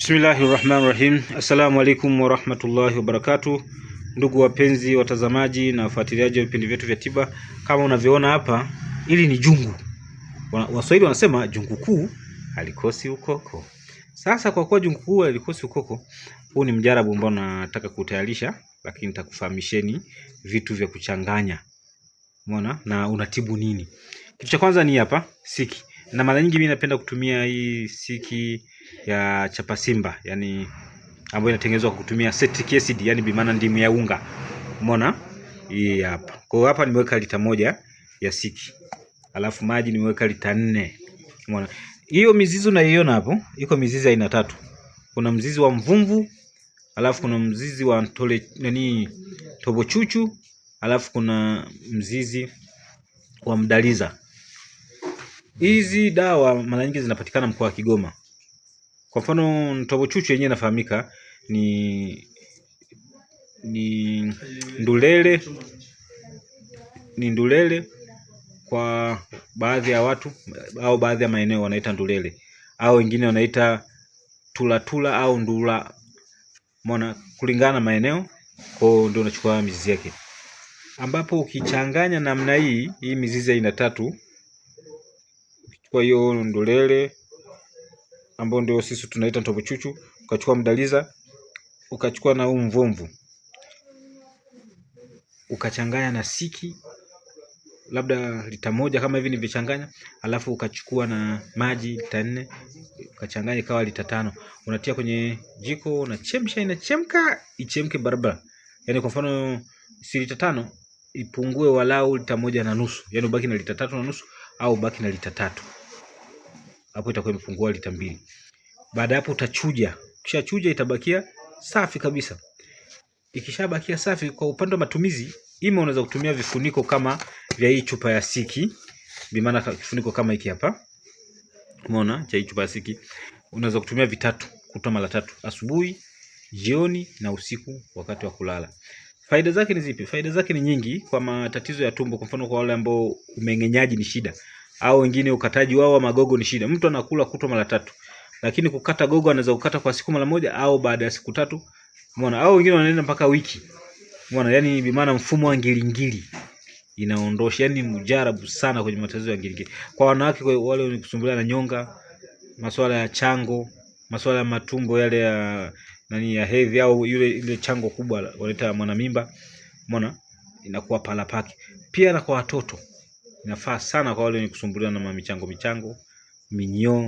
Bismillahi rahmani rahim. Assalamu alaikum warahmatullahi wabarakatu Ndugu wapenzi watazamaji na wafuatiliaji wa vipindi vyetu vya tiba, kama unavyoona hapa, hili ni jungu. Waswahili wanasema jungu kuu alikosi ukoko. Sasa kwa kuwa jungu kuu alikosi ukoko, huu ni mjarabu ambao nataka kutayarisha, lakini nitakufahamisheni vitu vya kuchanganya, umeona, na unatibu nini. Kitu cha kwanza ni hapa siki na mara nyingi mimi napenda kutumia hii siki ya chapasimba yani ambayo inatengenezwa kutumia citric acid yani bimana ndimu ya unga. Umeona? Hii hapa. Kwa hiyo hapa nimeweka lita moja ya siki. Alafu maji nimeweka lita nne. Umeona? Hiyo mizizi unaiona hapo, iko mizizi aina tatu. Kuna mzizi wa mvumvu, alafu kuna mzizi wa tole nani tobochuchu, alafu kuna mzizi wa mdaliza. Hizi dawa mara nyingi zinapatikana mkoa wa Kigoma. Kwa mfano chuchu yenyewe inafahamika ni ni ndulele, ni ndulele kwa baadhi ya watu au baadhi ya maeneo wanaita ndulele au wengine wanaita tulatula au ndula, umeona, kulingana na maeneo. Kwao ndio unachukua mizizi yake, ambapo ukichanganya namna hii, hii mizizi aina tatu kwa hiyo ndolele ambao ndio sisi tunaita ntobochuchu, ukachukua mdaliza, ukachukua na huu mvomvu, ukachanganya na siki labda lita moja kama hivi nivichanganya, alafu ukachukua na maji lita nne ukachanganya ikawa lita tano unatia kwenye jiko, unachemsha, inachemka, ichemke barabara. Yani kwa mfano si lita tano, ipungue walau lita moja na nusu, yani ubaki na lita tatu na nusu au ubaki na lita tatu hapo itakuwa imefungua lita mbili. Baada hapo utachuja, kisha chuja itabakia safi kabisa. Ikishabakia safi, kwa upande wa matumizi, ima unaweza kutumia vifuniko kama vya hii chupa ya siki, bi maana kifuniko kama hiki hapa, umeona cha hii chupa ya siki, unaweza kutumia vitatu, kutoa mara tatu, asubuhi, jioni na usiku, wakati wa kulala. Faida zake ni zipi? Faida zake ni nyingi kwa matatizo ya tumbo. Kwa mfano, kwa wale ambao umeng'enyaji ni shida au wengine ukataji wao wa magogo ni shida. Mtu anakula kutwa mara tatu, lakini kukata gogo anaweza kukata kwa siku mara moja au baada ya siku tatu, umeona. Au wengine wanaenda mpaka wiki, umeona. Yani bi maana mfumo wa ngilingili inaondosha, yani mujarabu sana kwenye matatizo ya ngilingili. Kwa wanawake kwa wale wenye kusumbuliwa na nyonga, masuala ya chango, masuala ya matumbo yale ya nani ya hedhi au yule ile chango kubwa wanaita mwanamimba, umeona, inakuwa pala pake. Pia na kwa watoto inafaa sana kwa wale wenye kusumbuliwa na mamichango michango minyoo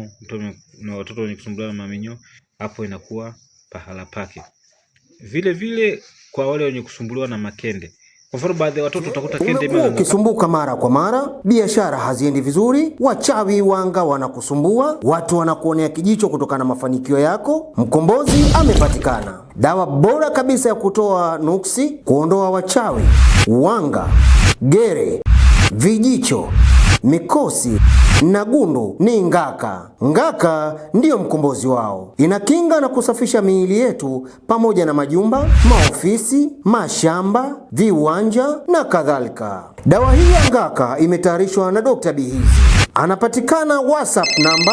na watoto wenye kusumbuliwa na maminyoo, hapo inakuwa pahala pake. Vile vile kwa wale wenye kusumbuliwa na makende kwa mfano baadhi ya watoto utakuta kende imekuwa ukisumbuka mara kwa mara, biashara haziendi vizuri, wachawi wanga wanakusumbua, watu wanakuonea kijicho kutokana na mafanikio yako. Mkombozi amepatikana, dawa bora kabisa ya kutoa nuksi, kuondoa wachawi, wanga, gere vijicho, mikosi na gundu ni ngaka. Ngaka ndiyo mkombozi wao, inakinga na kusafisha miili yetu pamoja na majumba, maofisi, mashamba, viwanja na kadhalika. Dawa hii ya ngaka imetayarishwa na Dr. Bihizi, anapatikana WhatsApp namba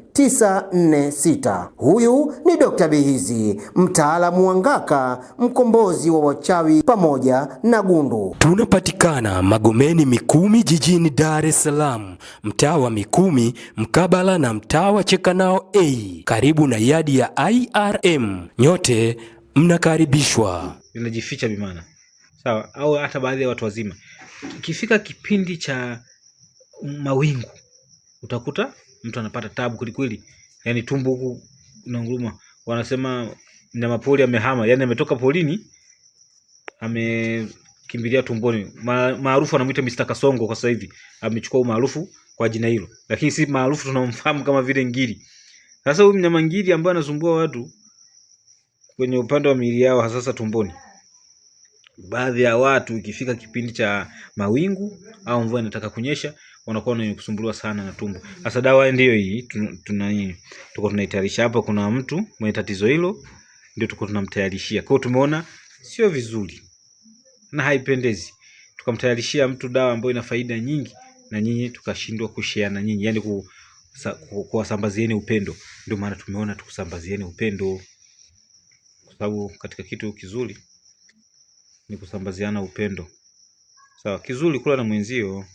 946. Huyu ni Dr. Bihizi, mtaalamu wa ngaka, mkombozi wa wachawi pamoja na gundu. Tunapatikana Magomeni Mikumi jijini Dar es Salaam, mtaa wa Mikumi mkabala na mtaa wa Chekanao A, karibu na yadi ya IRM. Nyote mnakaribishwa. Linajificha bimana sawa, au hata baadhi ya watu wazima, ikifika kipindi cha mawingu utakuta mtu anapata tabu kwelikweli, yani tumbo huku unanguruma. Wanasema mnyama pori amehama, yani ametoka porini amekimbilia tumboni. Maarufu anamuita Mr. Kasongo kwa sasa hivi, amechukua umaarufu kwa jina hilo, lakini si maarufu tunamfahamu kama vile ngiri. Sasa huyu mnyama ngiri ambaye anasumbua watu kwenye upande wa miili yao, hasa tumboni baadhi ya watu ikifika kipindi cha mawingu au mvua inataka kunyesha wanakuwa wenye kusumbuliwa sana na tumbo. Sasa dawa ndiyo hii tuna tuko tunaitayarisha hapa. Kuna mtu mwenye tatizo hilo, ndio tuko tunamtayarishia. Kwa hiyo tumeona sio vizuri na haipendezi tukamtayarishia mtu dawa ambayo ina faida nyingi na nyinyi tukashindwa kushare na nyinyi, yani kuwasambazieni upendo. Ndio maana tumeona tukusambazieni upendo, kwa sababu katika kitu kizuri ni kusambaziana upendo. Sawa, kizuri kula na mwenzio.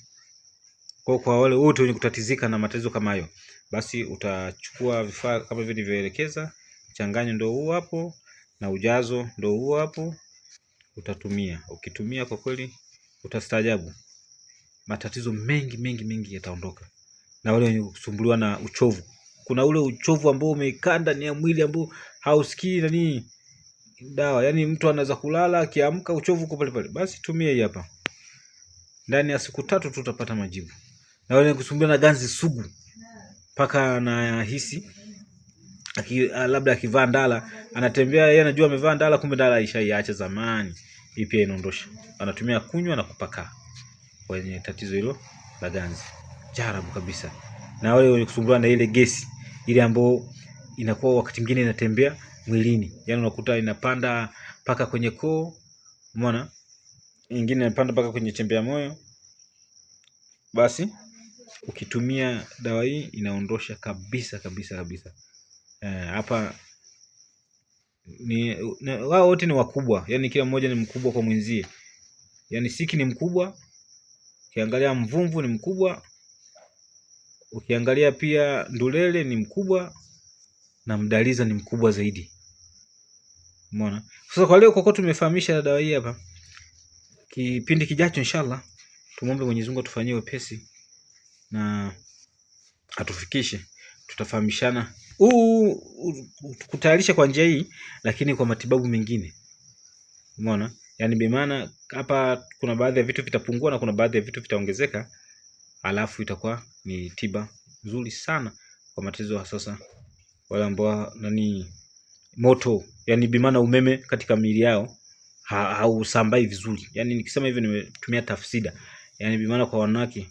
Kwa kwa wale wote wenye kutatizika na matatizo kama hayo, basi utachukua vifaa kama vile nilivyoelekeza, mchanganyo ndio huu hapo na ujazo ndio huu hapo, utatumia. Ukitumia kwa kweli utastaajabu, matatizo mengi mengi mengi yataondoka, na wale wenye kusumbuliwa na uchovu. Kuna ule uchovu ambao umeikanda ni ya mwili ambao hausikii nini? dawa, yaani mtu anaweza kulala akiamka uchovu uko pale pale, basi tumie hii hapa. Ndani ya siku tatu tu utapata majibu. Na wale kusumbua na ganzi sugu mpaka anahisi aki, labda akivaa ndala anatembea, yeye anajua amevaa ndala, kumbe ndala ishaiacha zamani. Hii pia inaondosha, anatumia kunywa na kupaka kwenye tatizo hilo la ganzi, jarabu kabisa. Na wale wenye kusumbuliwa na ile gesi ile ambayo inakuwa wakati mwingine inatembea mwilini, yaani unakuta inapanda mpaka kwenye koo, umeona, nyingine inapanda mpaka kwenye chembe ya moyo. Basi ukitumia dawa hii inaondosha kabisa kabisa kabisa. Eh, hapa ni wao wote ni wakubwa, yaani kila mmoja ni mkubwa kwa mwenzie, yaani siki ni mkubwa, ukiangalia mvumvu ni mkubwa, ukiangalia pia ndulele ni mkubwa na mdaliza ni mkubwa zaidi. Umeona? Sasa kwa leo kwa kwa tumefahamisha dawa hii hapa. Kipindi kijacho inshallah tumombe Mwenyezi Mungu atufanyie wepesi na atufikishe, tutafahamishana huu kutayarisha kwa njia hii, lakini kwa matibabu mengine. Umeona? Yaani bi maana hapa kuna baadhi ya vitu vitapungua na kuna baadhi ya vitu vitaongezeka, alafu itakuwa ni tiba nzuri sana kwa matatizo ya sasa wale ambao nani moto yani bimana umeme katika miili yao hausambai ha, vizuri yani nikisema hivyo nimetumia tafsida yani bimana kwa wanawake